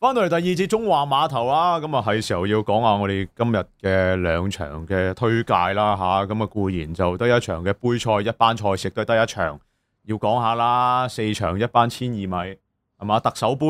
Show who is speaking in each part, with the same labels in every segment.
Speaker 1: 翻到嚟第二節中華碼頭啊，咁啊係時候要講下我哋今日嘅兩場嘅推介啦吓，咁啊、嗯、固然就得一場嘅杯賽一班賽事都係得一場要講下啦，四場一班千二米係嘛特首杯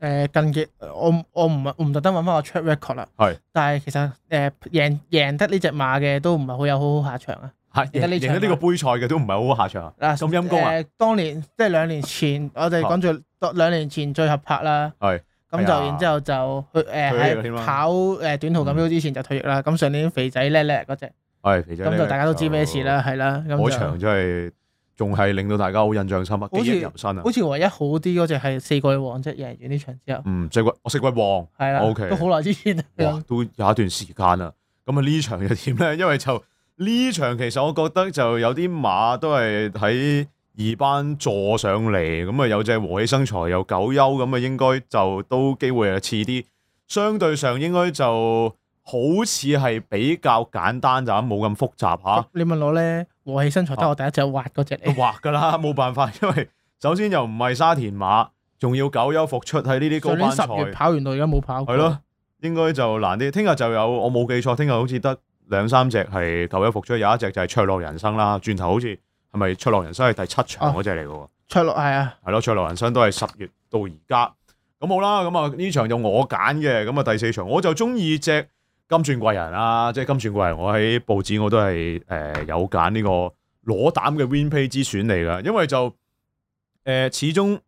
Speaker 2: 誒，近期我我唔唔特登揾翻我 track record 啦，係是，但係其實誒贏贏得呢隻馬嘅都唔係好有好好下場啊，
Speaker 1: 贏得呢贏得呢個杯賽嘅都唔係好好下場
Speaker 2: 啊，咁陰公啊，當年即係兩年前我哋講住兩年前最合拍啦，
Speaker 1: 係、啊。是啊咁就，然之後
Speaker 2: 就去誒喺跑誒短途錦標之前就退役啦。咁上年肥仔叻叻嗰隻，
Speaker 1: 係肥仔，咁就大家都
Speaker 2: 知咩事啦，係啦。嗰場
Speaker 1: 真係仲係令到大家好印象深刻，記憶猶新啊！好似
Speaker 2: 唯一好啲嗰隻係四季王，即係贏完呢場之後。嗯，
Speaker 1: 四季我四季王，係啦，OK，都好耐
Speaker 2: 之前。哇，
Speaker 1: 都有一段時間啦。咁啊呢場又點咧？因為就呢場其實我覺得就有啲馬都係喺，二班坐上嚟，咁啊有隻和氣生財，有久休咁啊，應該就都機會啊，似啲。相對上應該就好似係比較簡單就咁，冇咁複雜嚇。
Speaker 2: 你問我咧，和氣生財得我第一隻滑嗰隻嚟？啊、滑
Speaker 1: 㗎啦，冇辦法，因為首先又唔係沙田馬，仲要久休復出喺呢啲高班賽。上年十月跑
Speaker 2: 完到而家冇跑。
Speaker 1: 係咯，應該就難啲。聽日就有，我冇記錯，聽日好似得兩三隻係久休復出，有一隻就係雀落人生啦，轉頭好似。係咪《卓馬人生》係第七場嗰隻嚟嘅喎？駙馬係啊，係咯，啊《卓馬人生》都係十月到而家。咁好啦，咁啊呢場就我揀嘅。咁啊第四場我就中意隻金鑽貴人啦，即係金鑽貴人，就是、貴人我喺報紙我都係誒、呃、有揀呢個裸膽嘅 WinPay 之選嚟嘅，因為就誒、呃、始終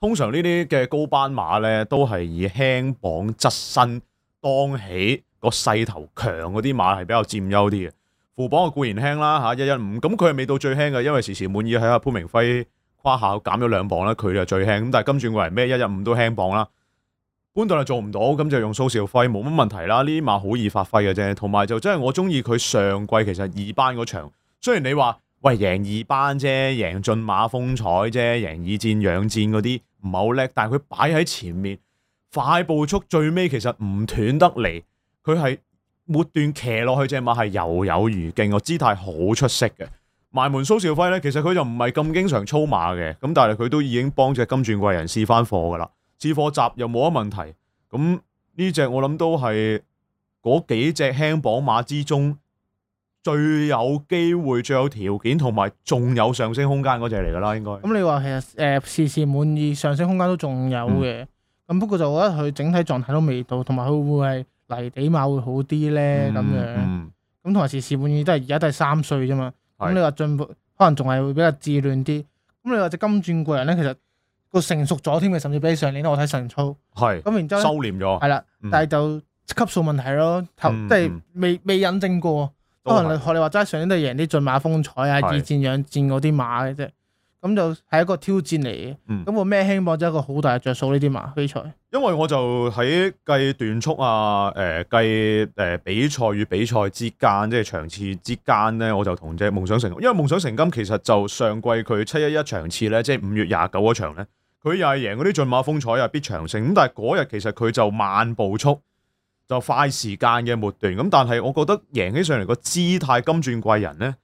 Speaker 1: 通常呢啲嘅高班馬咧，都係以輕磅側身當起個勢頭強嗰啲馬係比較佔優啲嘅。負磅啊，固然輕啦嚇，一一五咁佢係未到最輕嘅，因為時時滿意喺阿潘明輝胯下減咗兩磅啦，佢就最輕。咁但係今轉季咩一一五都輕磅啦，潘頓就做唔到，咁就用蘇兆輝冇乜問題啦。呢馬好易發揮嘅啫，同埋就真係我中意佢上季其實二班嗰場，雖然你話喂，贏二班啫，贏駿馬風采啫，贏二戰養戰嗰啲唔係好叻，但係佢擺喺前面快步速最尾其實唔斷得嚟，佢係。末段騎落去隻馬係猶有餘勁，個姿態好出色嘅。埋門蘇兆輝咧，其實佢就唔係咁經常操馬嘅，咁但係佢都已經幫隻金鑽貴人試翻貨噶啦，試貨閘又冇乜問題。咁呢隻我諗都係嗰幾隻輕綁馬之中最有機會、最有條件同埋仲有上升空間嗰隻嚟噶啦，應該。
Speaker 2: 咁你話其實誒事、呃、事滿意，上升空間都仲有嘅。咁、嗯、不過就我覺得佢整體狀態都未到，同埋佢會係。係，起碼會好啲咧咁樣，咁、嗯嗯、同埋時時本意都係而家都係三歲啫嘛。咁是你話進步，可能仲係會比較稚嫩啲。咁你話隻金鑽個人咧，其實個成熟咗添嘅，甚至比上年我睇神操。
Speaker 1: 係是。咁然之後收斂咗。係啦了，嗯、但係
Speaker 2: 就級數問題咯，嗯、即係未未，未引證過。是可能學你話齋，上年都係贏啲駿馬風采啊、以戰養戰嗰啲馬嘅啫。咁就係一個挑戰嚟嘅，咁我咩興播就一個好大嘅着數呢啲嘛比賽。
Speaker 1: 因為我就喺計段速啊，誒計誒比賽與比賽之間，即係場次之間咧，我就同隻夢想成金。因為夢想成金其實就上季佢七一一場次咧，即係五月廿九嗰場咧，佢又係贏嗰啲駿馬風采啊必長勝。咁但係嗰日其實佢就慢步速，就快時間嘅末段。咁但係我覺得贏起上嚟個姿態金鑽貴人咧。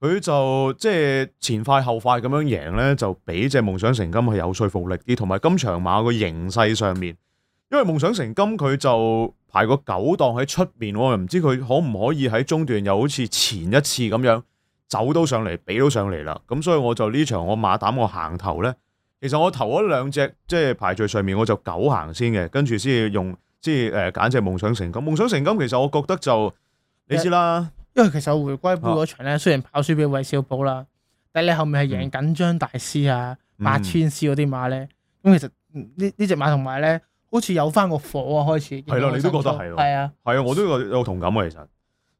Speaker 1: 佢就即係前快後快咁樣贏呢，就畀隻夢想成金係有說服力啲，同埋今場馬個形勢上面，因為夢想成金佢就排個九檔喺出面，我又唔知佢可唔可以喺中段又好似前一次咁樣走到上嚟，畀到上嚟啦。咁所以我就呢場我馬膽我行頭呢。其實我頭嗰兩隻即係排序上面，我就九行先嘅，跟住先至用即係誒揀隻夢想成金。夢想成金其實我覺得就你知啦。
Speaker 2: Yeah. 因為其實回歸盃嗰場咧，雖然跑輸俾韋小寶啦，啊、但係你後面係贏緊張大師啊、嗯、八千師嗰啲馬咧，咁其實呢呢隻馬同埋咧，好似有翻個火啊開始。係咯、啊，你都覺得係咯？係啊，
Speaker 1: 係啊，啊，我都有有同感啊！其實，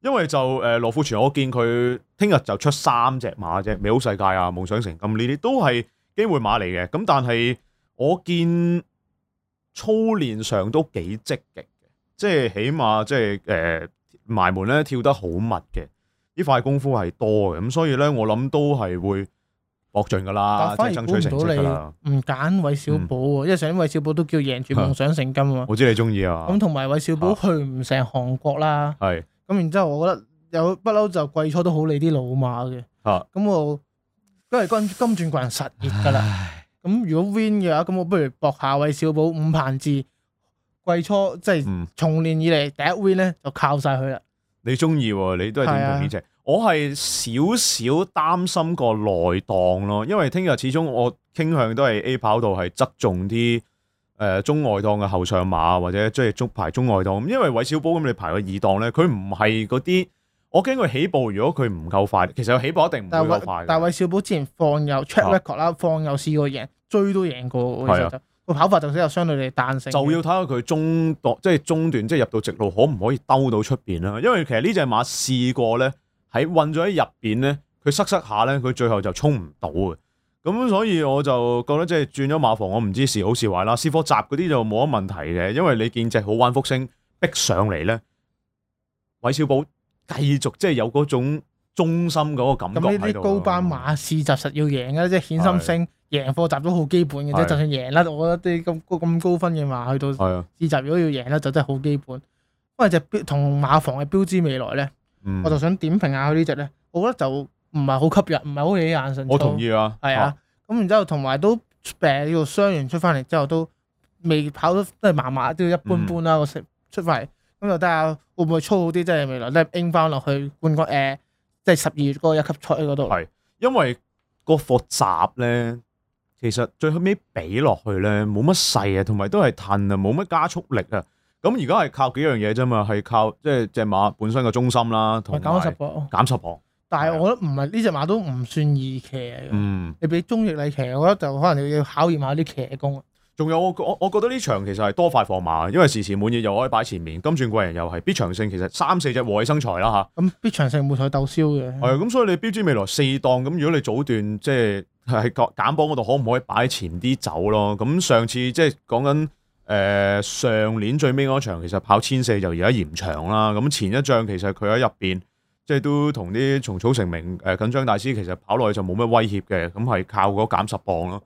Speaker 1: 因為就誒，羅、呃、富全，我見佢聽日就出三隻馬啫，美好世界啊、夢想城咁呢啲都係機會馬嚟嘅。咁但係我見操練上都幾積極嘅，即係起碼即係誒。呃埋門咧跳得好密嘅，呢塊功夫係多嘅，咁所以咧我諗都係會博盡噶啦，即係反爭取成績噶啦。估唔到你
Speaker 2: 唔揀韋小寶喎，嗯、因為上邊韋小寶都叫贏住夢想成金啊、嗯。我
Speaker 1: 知你中意啊。咁同
Speaker 2: 埋韋小寶去唔成韓國啦。係、啊。咁然之後，我覺得有不嬲就季初都好你啲老馬嘅。哦、啊。咁我都係金金鑽棍人實業噶啦。咁唉如果 win 嘅話，咁我不如博下韋小寶五盤字。季初即係從年以嚟、嗯、第一 win 咧，就靠晒佢啦。
Speaker 1: 你中意、啊，你都係點睇啫？啊、我係少少擔心個內檔咯，因為聽日始終我傾向都係 A 跑道係側重啲誒、呃、中外檔嘅後上馬或者即追中排中外檔。因為韋小寶，咁你排個二檔咧，佢唔係嗰啲，我驚佢起步如果佢唔夠快，其實佢起步一定唔會夠快但。
Speaker 2: 但韋小寶之前放有 track record 啦，放有試過贏，追都贏過。跑法就先有相對你彈性，就要睇
Speaker 1: 下佢中段，即係中段，即係入到直路可唔可以兜到出邊啦？因為其實呢隻馬試過咧，喺困咗喺入邊咧，佢塞塞下咧，佢最後就衝唔到嘅。咁所以我就覺得即係轉咗馬房，我唔知是好是壞啦。斯科集嗰啲就冇乜問題嘅，因為你見隻好彎福星逼上嚟咧，韋小寶繼續即係有嗰種忠心嗰個感覺喺度。咁呢啲高
Speaker 2: 班馬試集實要贏嘅，即係顯心星。贏課集都好基本嘅，啫，是的 就算贏啦，我覺得啲咁咁高分嘅話，去到試閘，如果要贏咧，就真係好基本。咁啊隻同馬房嘅標誌未來咧，
Speaker 1: 嗯、我就想
Speaker 2: 點評下佢呢隻咧。我覺得就唔係好吸引，唔係好啲眼神，神。我同意啊。係的啊，啊，咁然之後同埋都誒呢個傷完出翻嚟之後都未跑得都係麻麻，都一般般啦。個成、嗯、出翻嚟咁就睇下會唔會操好啲，即係未來咧拎翻落去冠軍誒，即係十二月嗰個一級賽
Speaker 1: 嗰度。係因為個課閘咧。其實最後尾俾落去咧，冇乜勢啊，同埋都係褪啊，冇乜加速力啊。咁而家係靠幾樣嘢啫嘛，係靠即係隻馬本身嘅中心啦、啊，同埋減十磅。減十磅，
Speaker 2: 但係我覺得唔係呢隻馬都唔算易騎嘅。嗯，你俾中域嚟騎，我覺得就可能你要考驗下啲騎
Speaker 1: 功。仲有我我我覺得呢場其實係多快放馬，因為時時滿意又可以擺前面，金鑽貴人又係必長勝，其實三四隻和氣生財啦吓。咁、
Speaker 2: 啊嗯、必長勝冇會再鬥燒嘅。係
Speaker 1: 咁、嗯、所以你標指未來四檔，咁如果你早段即係。係個減磅嗰度可唔可以擺前啲走咯？咁上次即係講緊誒上年最尾嗰場，其實跑千四就而家延長啦。咁前一仗其實佢喺入邊即係都同啲從草成名誒、呃、緊張大師，其實跑落去就冇乜威脅嘅，咁係靠嗰減十磅咯。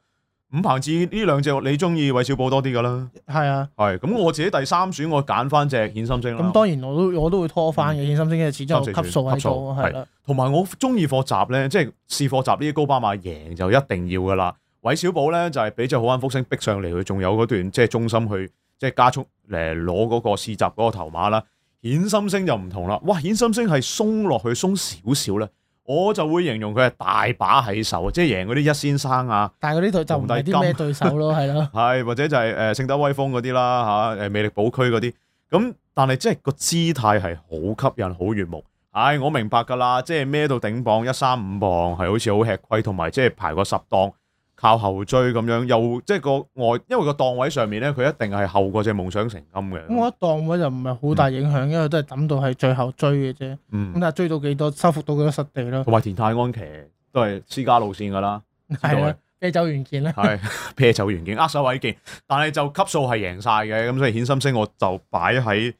Speaker 1: 五彭志呢兩隻你中意韋小寶多啲噶啦？
Speaker 2: 係啊，
Speaker 1: 係咁我自己第三選我揀翻隻顯心星啦。咁
Speaker 2: 當然我都我都會拖翻嘅，嗯、顯心星嘅始終級數級數係啦。同埋
Speaker 1: 對了 我中意貨集咧，即係試貨集呢啲高巴馬贏就一定要噶啦。韋小寶咧就係俾隻好安福星逼上嚟，佢仲有嗰段即係中心去即係加速嚟攞嗰個試集嗰個頭馬啦。顯心星就唔同啦，哇！顯心星係鬆落去鬆少少啦。我就會形容佢係大把喺手，即係贏嗰啲一先生啊，但佢呢就唔係金對手咯，係 咯，係或者就係誒聖德威風嗰啲啦嚇，誒、啊、魅力寶區嗰啲，咁但係即係個姿態係好吸引，好悅目。唉、哎，我明白㗎啦，即係孭到頂磅一三五磅係好似好吃虧，同埋即係排個十檔。靠後追咁樣，又即係個外，因為個檔位上面咧，佢一定係後過隻夢想成金嘅。
Speaker 2: 咁我個檔位就唔係好大影響，嗯、因為都係抌到係最後追嘅啫。嗯。咁啊，追到幾多，收復到幾多失地咯。同埋田泰安
Speaker 1: 琪都係私家路線噶啦。係啊的，啤酒元件咧。係。啤酒元件，握手位件，但係就級數係贏晒嘅，咁所以顯心聲我就擺喺。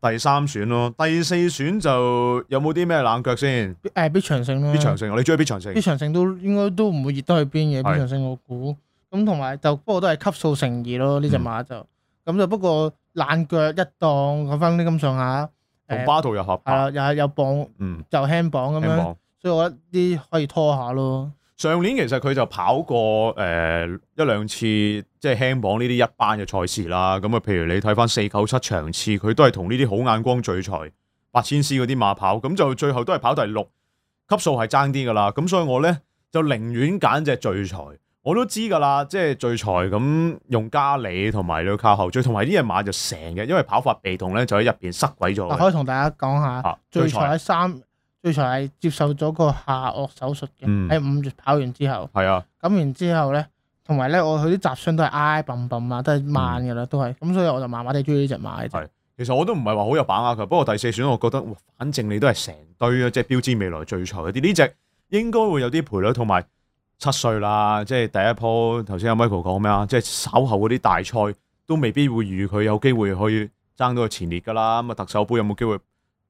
Speaker 1: 第三選咯，第四選就有冇啲咩冷腳先？
Speaker 2: 誒，B 長勝咯，B 長勝，
Speaker 1: 你中意 B 長勝？B 長
Speaker 2: 勝都應該都唔會熱得去邊嘅，B 長勝我估。咁同埋就，不過都係級數乘二咯，呢隻馬就。咁就不過冷腳一檔，講翻啲咁上下。同、呃、巴度又合拍。係啦、呃，又係有磅，就輕磅咁樣，綁所以我覺得啲可以拖下咯。
Speaker 1: 上年其實佢就跑過誒、呃、一兩次，即係輕磅呢啲一班嘅賽事啦。咁啊，譬如你睇翻四九七場次，佢都係同呢啲好眼光聚財八千絲嗰啲馬跑，咁就最後都係跑第六級數係爭啲噶啦。咁所以我咧就寧願揀隻聚財，我都知噶啦，即係聚財咁用加里同埋要靠後追，同埋呢隻馬就成日因為跑法被動咧就喺入邊塞鬼咗。我可以同大家講下聚財喺三。
Speaker 2: 最長係接受咗個下顎手術嘅，喺五月跑完之後，係啊，咁然之後咧，同埋咧，我佢啲雜傷都係挨挨笨笨啊，都係慢噶啦，嗯、都係，咁所以我就麻麻地追呢隻馬。係、嗯，其
Speaker 1: 實我都唔係話好有把握嘅，不過第四選我覺得，反正你都係成堆啊，即係標誌未來最長一啲，呢隻應該會有啲賠率同埋七歲啦，即係第一波頭先阿 Michael 講咩啊，即係稍後嗰啲大賽都未必會預佢有機會可以爭到個前列㗎啦。咁啊特首杯有冇機會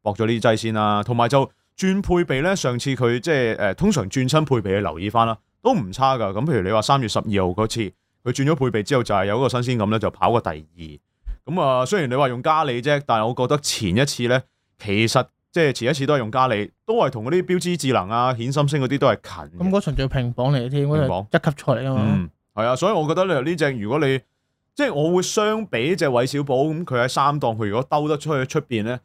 Speaker 1: 博咗呢隻先啊？同埋就。轉配備咧，上次佢即係誒，通常轉親配備去留意返啦，都唔差㗎。咁譬如你話三月十二號嗰次，佢轉咗配備之後，就係、是、有嗰個新鮮感咧，就跑過第二。咁、嗯、啊，雖然你話用加利啫，但係我覺得前一次咧，其實即係前一次都係用加利，都係同嗰啲標誌智能啊、顯心星嗰啲都係近。
Speaker 2: 咁嗰場仲要平房嚟嘅添，平房一級賽嚟啊嘛。嗯，
Speaker 1: 係啊，所以我覺得咧呢隻如果你即係我會相比隻韋小寶咁，佢喺三檔佢如果兜得出去出邊咧。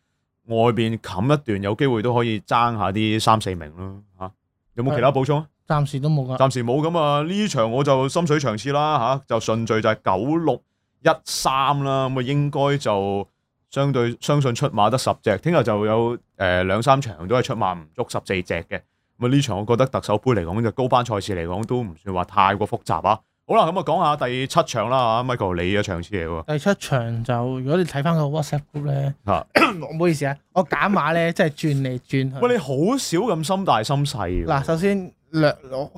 Speaker 1: 外面冚一段，有機會都可以爭下啲三四名咯嚇、啊。有冇其他補充啊？
Speaker 2: 暫時都冇㗎。暫時
Speaker 1: 冇咁啊，呢場我就心水場次啦嚇、啊，就順序就係九六一三啦，咁啊應該就相對相信出馬得十隻。聽日就有誒兩三場都係出馬唔足十四隻嘅，咁啊呢場我覺得特首杯嚟講就高班賽事嚟講都唔算話太過複雜啊。好啦，咁啊講下第七場啦，啊，Michael，你嘅場次嚟喎。
Speaker 2: 第七場就如果你睇翻個 WhatsApp group 咧，啊，
Speaker 1: 我唔好意思啊，我揀碼咧，真係轉嚟轉去。喂，你好少咁心大心細嘅。嗱，首
Speaker 2: 先兩我，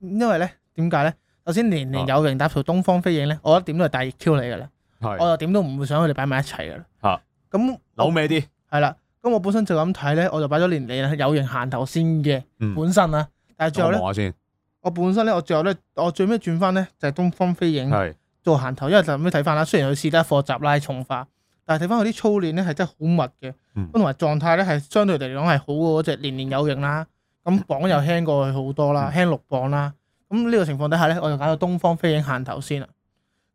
Speaker 2: 因為咧點解咧？首先年年有型搭上東方飛影咧，我覺得點都係大 Q 嚟噶啦，
Speaker 1: 係，我又
Speaker 2: 點都唔會想佢哋擺埋一齊噶啦。啊，咁扭尾啲係啦。咁我本身就咁睇咧，我就擺咗年年有型行頭先嘅本身啊，但係最後咧。我本身咧，我最後咧，我最尾轉翻咧就係、是、東方飛影做閒頭，是因為就咁樣睇翻啦。雖然佢試得一課閘拉重化，但係睇翻佢啲操練咧係真係好密嘅，咁同埋狀態咧係相對嚟講係好過嗰隻年年有型啦。咁磅又輕過去好多啦，嗯、輕六磅啦。咁呢個情況底下咧，我就揀咗東方飛影閒頭先啦。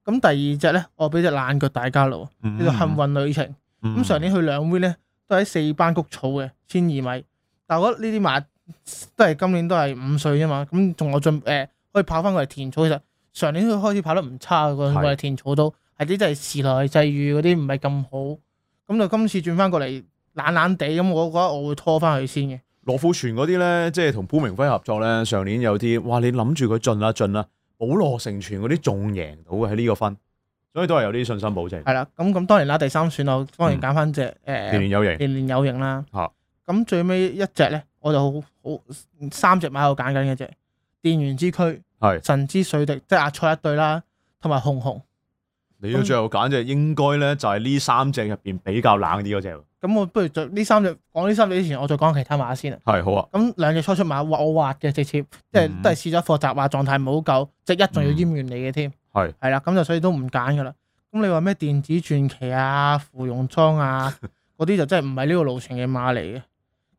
Speaker 2: 咁第二隻咧，我俾隻懶腳大家囉叫做幸運旅程。咁上、嗯嗯、年去兩杯咧都喺四班谷草嘅千二米，但我覺得呢啲馬，都係今年都係五歲啫嘛，咁同我進誒、呃、可以跑翻過嚟田草，其實上年佢開始跑得唔差嘅，過嚟田草都係啲即係時來際遇嗰啲唔係咁好，咁就今次轉翻過嚟懶懶地，咁我覺得我會拖翻去先嘅。
Speaker 1: 羅富全嗰啲咧，即係同潘明輝合作咧，上年有啲哇，你諗住佢進啦進啦，保羅成全嗰啲仲贏到嘅喺呢個分，所以都係有啲信心保證。係啦，咁
Speaker 2: 咁當，當然啦，第三選我當然揀翻隻誒、呃、年，
Speaker 1: 年，年年有型。
Speaker 2: 年年有型啦。啊的，咁最尾一隻咧。我就好好三隻馬喺度揀緊嘅啫，電源之軀、是神之水滴、即係阿錯一對啦，同埋紅紅。
Speaker 1: 你都最後揀隻那應該咧就係呢三隻入邊比較冷啲嗰隻。
Speaker 2: 咁我不如就呢三隻講呢三隻之前，我再講其他馬先啊。係好啊。咁兩隻初出馬，我我畫嘅直接即係、嗯、都係試咗課習，話狀態冇夠，即一仲要閹完你嘅添。係係啦，咁就所以都唔揀噶啦。咁你話咩電子傳奇啊、芙蓉莊啊嗰啲 就真係唔係呢個路程嘅馬嚟嘅。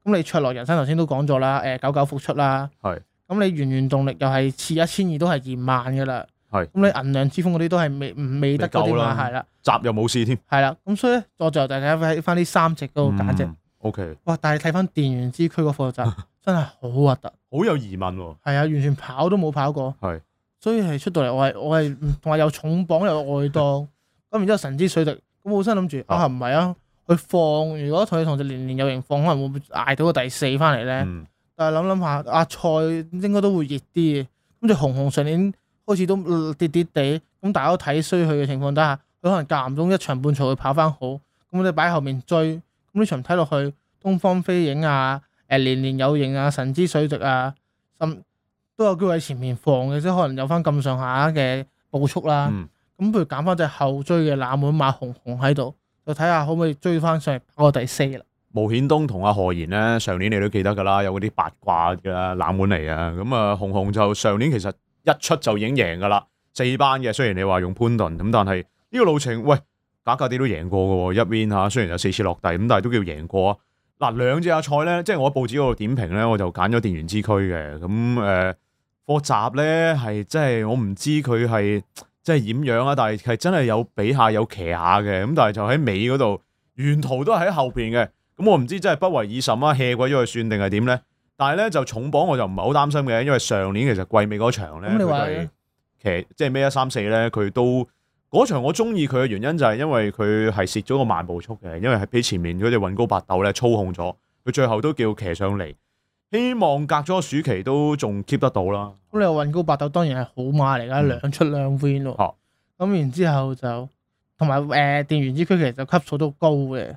Speaker 2: 咁你卓樂人生頭先都講咗啦，誒九九復出啦，係是。咁、嗯、你源源動力又係次一千二都係二萬噶啦，係是。咁、嗯、你銀兩之風嗰啲都係未唔未得啲嘛，係啦。
Speaker 1: 閘又冇事添，係啦。
Speaker 2: 咁所以咧，我就大家睇翻呢三隻嗰個價值，O K。嗯 okay、哇！但係睇翻電源之區嗰個閘， 真係好核突， 好有
Speaker 1: 疑問喎、啊。
Speaker 2: 係啊，完全跑都冇跑過，係是。所以係出到嚟，我係我係同埋有重磅有外當，咁 然之後神之水滴，咁我本身諗住啊唔係啊。啊啊啊啊佢放，如果同你同隻年年有型放，可能會唔會捱到個第四翻嚟咧？嗯、但係諗諗下，阿、啊、蔡應該都會熱啲嘅。咁隻紅紅上年開始都跌跌地，咁大家都睇衰佢嘅情況底下，佢可能間唔中一場半場去跑翻好。咁我哋擺後面追。咁呢場睇落去，東方飛影啊，誒年年有型啊，神之水滴啊，甚都有機會喺前面放嘅，即可能有翻咁上下嘅步速啦。咁、嗯、不如揀翻隻後追嘅冷門馬紅紅喺度。就睇下可唔可以追翻上個第
Speaker 1: 四啦。毛顯東同阿何言咧，上年你都記得噶啦，有嗰啲八卦嘅冷門嚟啊。咁啊，紅紅就上年其實一出就已經贏噶啦，四班嘅。雖然你話用潘頓咁，但係呢個路程，喂，假假啲都贏過嘅喎一邊嚇。雖然有四次落地，咁但係都叫贏過啊。嗱，兩隻阿賽咧，即係我喺報紙嗰度點評咧，我就揀咗電源之區嘅。咁誒，科集咧係即係我唔知佢係。即係掩樣啊？但係係真係有比下有騎下嘅，咁但係就喺尾嗰度，沿途都喺後邊嘅。咁、嗯、我唔知真係不為以什不為已甚啊，hea 鬼咗佢算定係點咧？但係咧就重磅我就唔係好擔心嘅，因為上年其實季尾嗰場咧，佢騎即係咩一三四咧，佢都嗰場我中意佢嘅原因就係因為佢係蝕咗個慢步速嘅，因為係俾前面嗰隻運高八斗咧操控咗，佢最後都叫騎上嚟。希望隔咗個暑期都仲 keep 得到啦。
Speaker 2: 咁你話運高八斗，當然係好馬嚟噶，兩出兩 win 喎。咁、啊、然之後就同埋誒電源之區其實就級數都高嘅。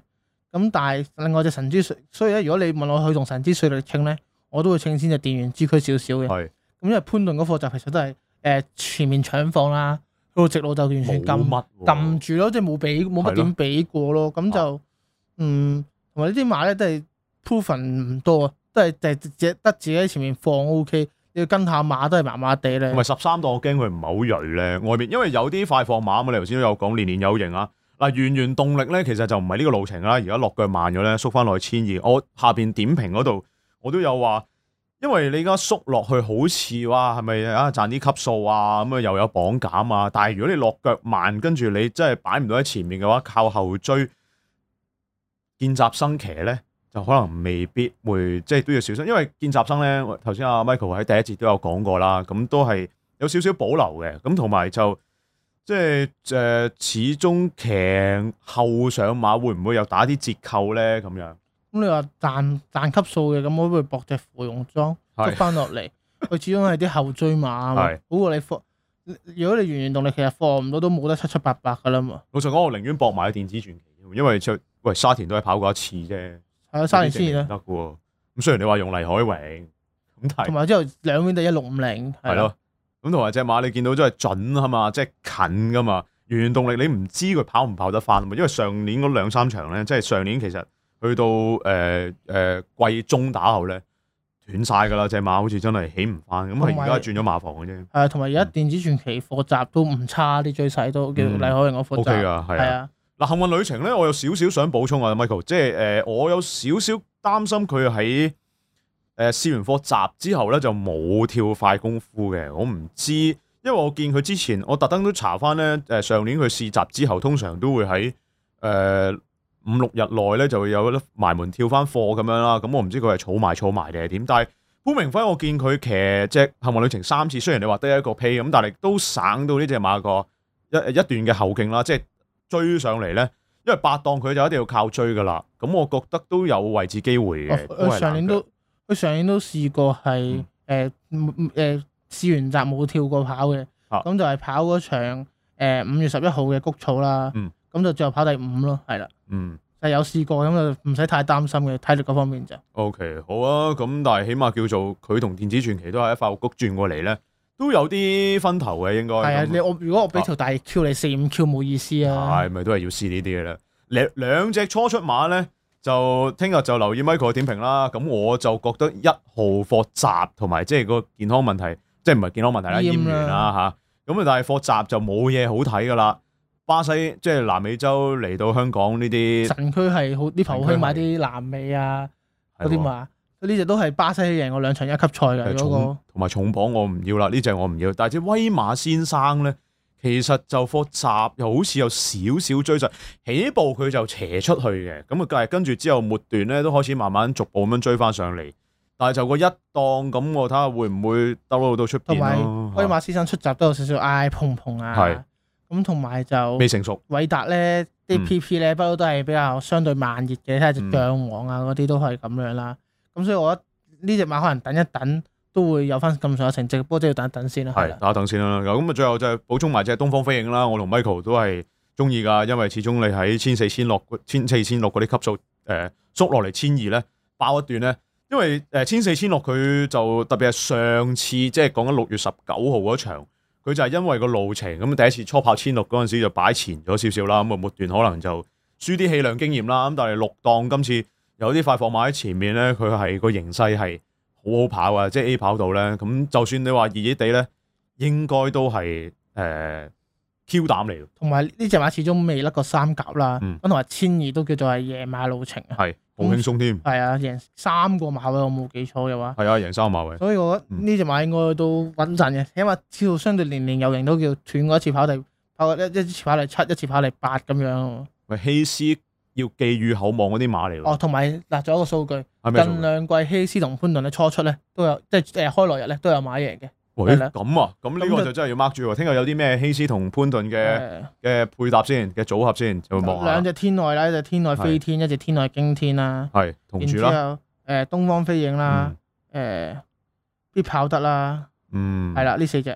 Speaker 2: 咁但係另外隻神之水，所以咧如果你問我去同神之水嚟稱咧，我都會稱先隻電源之區少少嘅。係是。咁因為潘頓嗰課就其實都係誒前面搶放啦，到直路就完全禁冧冧、啊、住咯，即係冇俾冇乜點俾過咯。咁就嗯同埋呢啲馬咧都係 proven 唔多啊。都係就只得自己喺前面放 OK，要跟下馬都係麻麻地咧。唔係
Speaker 1: 十三度我驚佢唔係好鋭咧。外面因為有啲快放馬咁，你頭先都有講年年有型啊。嗱，源源動力咧，其實就唔係呢個路程啦。而家落腳慢咗咧，縮翻落去千二。我下邊點評嗰度我都有話，因為你而家縮落去好似話，係咪啊賺啲級數啊咁啊又有綁減啊。但係如果你落腳慢，跟住你真係擺唔到喺前面嘅話，靠後追見習生騎咧。就可能未必會，即係都要小心，因為見習生咧。頭先阿 Michael 喺第一節都有講過啦，咁都係有少少保留嘅。咁同埋就即係誒、呃，始終騎後上馬會唔會有打啲折扣咧？咁樣
Speaker 2: 咁你話賺賺級數嘅咁，我會搏隻芙蓉裝捉翻落嚟。佢是 始終係啲後追馬啊，好過是你放，如果你原原動力其實放唔到都冇得七七八八噶啦嘛。
Speaker 1: 老實講，我寧願搏埋電子傳奇，因為出喂，喂沙田都係跑過一次啫。
Speaker 2: 係啊、嗯，三年先啦。
Speaker 1: 得嘅喎，咁雖然你話用黎海榮，咁
Speaker 2: 同埋之後兩邊都一六五零，係咯。
Speaker 1: 咁同埋隻馬你見到即係準啊、就是、嘛，即係近㗎嘛。源源動力你唔知佢跑唔跑得返，因為上年嗰兩三場咧，即係上年其實去到誒誒季中打後咧斷晒㗎喇。隻馬好似真係起唔返，咁佢而家轉咗馬房嘅
Speaker 2: 啫。係同埋而家電子傳奇課習、嗯、都唔差啲，最細都叫黎海榮嘅課習。啊、嗯。的
Speaker 1: 嗱，幸運旅程咧，我有少少想補充啊，Michael，即係誒、呃，我有少少擔心佢喺誒試完課集之後咧，就冇跳快功夫嘅。我唔知，因為我見佢之前，我特登都查翻咧，誒、呃、上年佢試集之後，通常都會喺誒五六日內咧，就會有埋門跳翻課咁樣啦。咁、嗯、我唔知佢係儲埋儲埋定係點，但係潘明輝，我見佢騎隻幸運旅程三次，雖然你話得一個屁咁，但係都省到呢隻馬一個一一,一段嘅後勁啦，即係。追上嚟咧，因為八檔佢就一定要靠追噶啦，咁我覺得都有位置機會嘅。上、啊、
Speaker 2: 年都，我上的年都試過係誒誒試完集冇跳過跑嘅，咁、啊、就係跑嗰場五月十一號嘅谷草啦，咁就、嗯、最後跑第五咯，係啦。嗯，係有試過咁就唔使太擔心嘅體力嗰方面就。
Speaker 1: O、okay, K，好啊，咁但係起碼叫做佢同電子傳奇都係喺快活谷轉過嚟咧。都有啲分頭嘅，應該係啊！樣你我如果我俾條大 Q、啊、你四五 Q 冇意思啊！係咪都係要試呢啲嘅啦？兩兩隻初出馬咧，就聽日就留意 Michael 嘅點評啦。咁我就覺得一號課集同埋即係個健康問題，即係唔係健康問題啦，厭倦啦嚇。咁啊了，但係課集就冇嘢好睇噶啦。巴西即係、就是、南美洲嚟到香港呢啲，晨
Speaker 2: 區係好啲朋友去買啲南美啊嗰啲嘛。對哦呢隻都係巴西贏，過兩場一級賽嘅，
Speaker 1: 同埋重磅我唔要啦，呢隻我唔要。但係隻威馬先生咧，其實就複雜，又好似有少少追實，起步佢就斜出去嘅，咁啊，跟住之後末段咧都開始慢慢逐步咁樣追翻上嚟。但係就個一檔咁，我睇下會唔會兜路到出邊咯。威
Speaker 2: 馬先生出閘都有少少嗌碰碰啊，係咁同埋就未成熟。偉達咧啲 PP 咧，不嬲都係比較相對慢熱嘅，睇下隻象王啊嗰啲都係咁樣啦。咁所以我覺得呢隻馬可能等一等都會有翻咁上下成績，不過都要等一等先啦。係
Speaker 1: 等一等先啦。咁啊，最後就補充埋隻東方飛影啦，我同 Michael 都係中意㗎，因為始終你喺千四千六千四千六嗰啲級數誒、呃、縮落嚟千二咧爆一段咧，因為誒千四千六佢就特別係上次即係講緊六月十九號嗰場，佢就係因為個路程咁第一次初跑千六嗰陣時就擺前咗少少啦，咁啊末段可能就輸啲氣量經驗啦。咁但係六檔今次。有啲快貨買喺前面咧，佢係個形勢係好好跑啊！即係 A 跑道咧，咁就算你話熱熱地咧，應該都係誒 Q 膽嚟。
Speaker 2: 同埋呢隻馬始終未甩過三甲啦，咁同埋千二都叫做係夜馬路程啊，係
Speaker 1: 好輕鬆添。
Speaker 2: 係啊，贏三個馬位我冇記錯嘅話。
Speaker 1: 係啊，贏三個馬位。
Speaker 2: 所以我覺得呢隻馬應該都穩陣嘅，因為知道相對年年有型都叫斷過一次跑第，跑過一一次跑第七，一次跑第八咁樣。喂
Speaker 1: 希斯。要寄予厚望嗰啲馬嚟
Speaker 2: 喎。哦，同埋嗱，咗一個數據，近兩季希斯同潘頓嘅初出咧，都有即係開落日咧都有馬贏嘅。
Speaker 1: 咁喂吧啊，咁呢個就真係要 mark 住喎。聽日有啲咩希斯同潘頓嘅嘅、嗯、配搭先嘅組合先，就望下。兩隻
Speaker 2: 天外啦，一隻天外飛天，是一隻天外驚天啦。係同住啦。誒、呃，東方飛影啦，誒、嗯呃，必跑得啦。
Speaker 1: 嗯，係啦，呢四隻。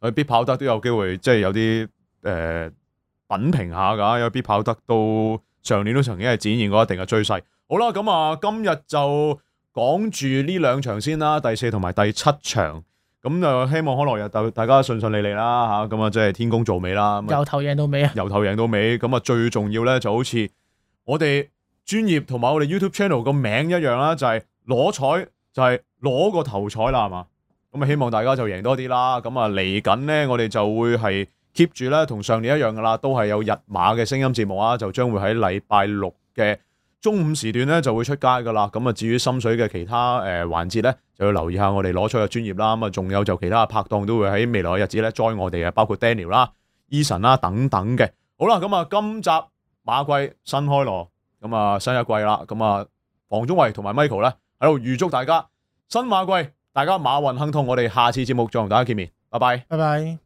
Speaker 1: 誒，必跑得都有機會，即係有啲誒、呃、品評下㗎，因為必跑得都。上年都曾經係展現過一定嘅追勢。好啦，咁、嗯、啊，今日就講住呢兩場先啦，第四同埋第七場。咁、嗯、啊，希望可能日大大家順順利利啦吓，咁啊，即、嗯、係、嗯、天公造美啦。嗯、由頭贏到尾啊！由頭贏到尾。咁、嗯、啊、嗯，最重要咧就好似我哋專業同埋我哋 YouTube channel 個名一樣啦，就係、是、攞彩，就係、是、攞個頭彩啦，係嘛？咁、嗯、啊、嗯，希望大家就贏多啲啦。咁、嗯、啊，嚟緊咧，我哋就會係，keep 住咧，同上年一樣噶啦，都係有日馬嘅聲音節目啊，就將會喺禮拜六嘅中午時段咧就會出街噶啦。咁啊，至於心水嘅其他誒環節咧，就要留意下我哋攞彩嘅專業啦。咁啊，仲有就其他拍檔都會喺未來嘅日子咧，join 我哋啊，包括 Daniel 啦、Eason 啦等等嘅。好啦，咁啊，今集馬季新開鑼，咁啊新一季啦，咁啊，防中維同埋 Michael 咧喺度預祝大家新馬季大家馬運亨通。我哋下次節目再同大家見面，拜拜，拜拜。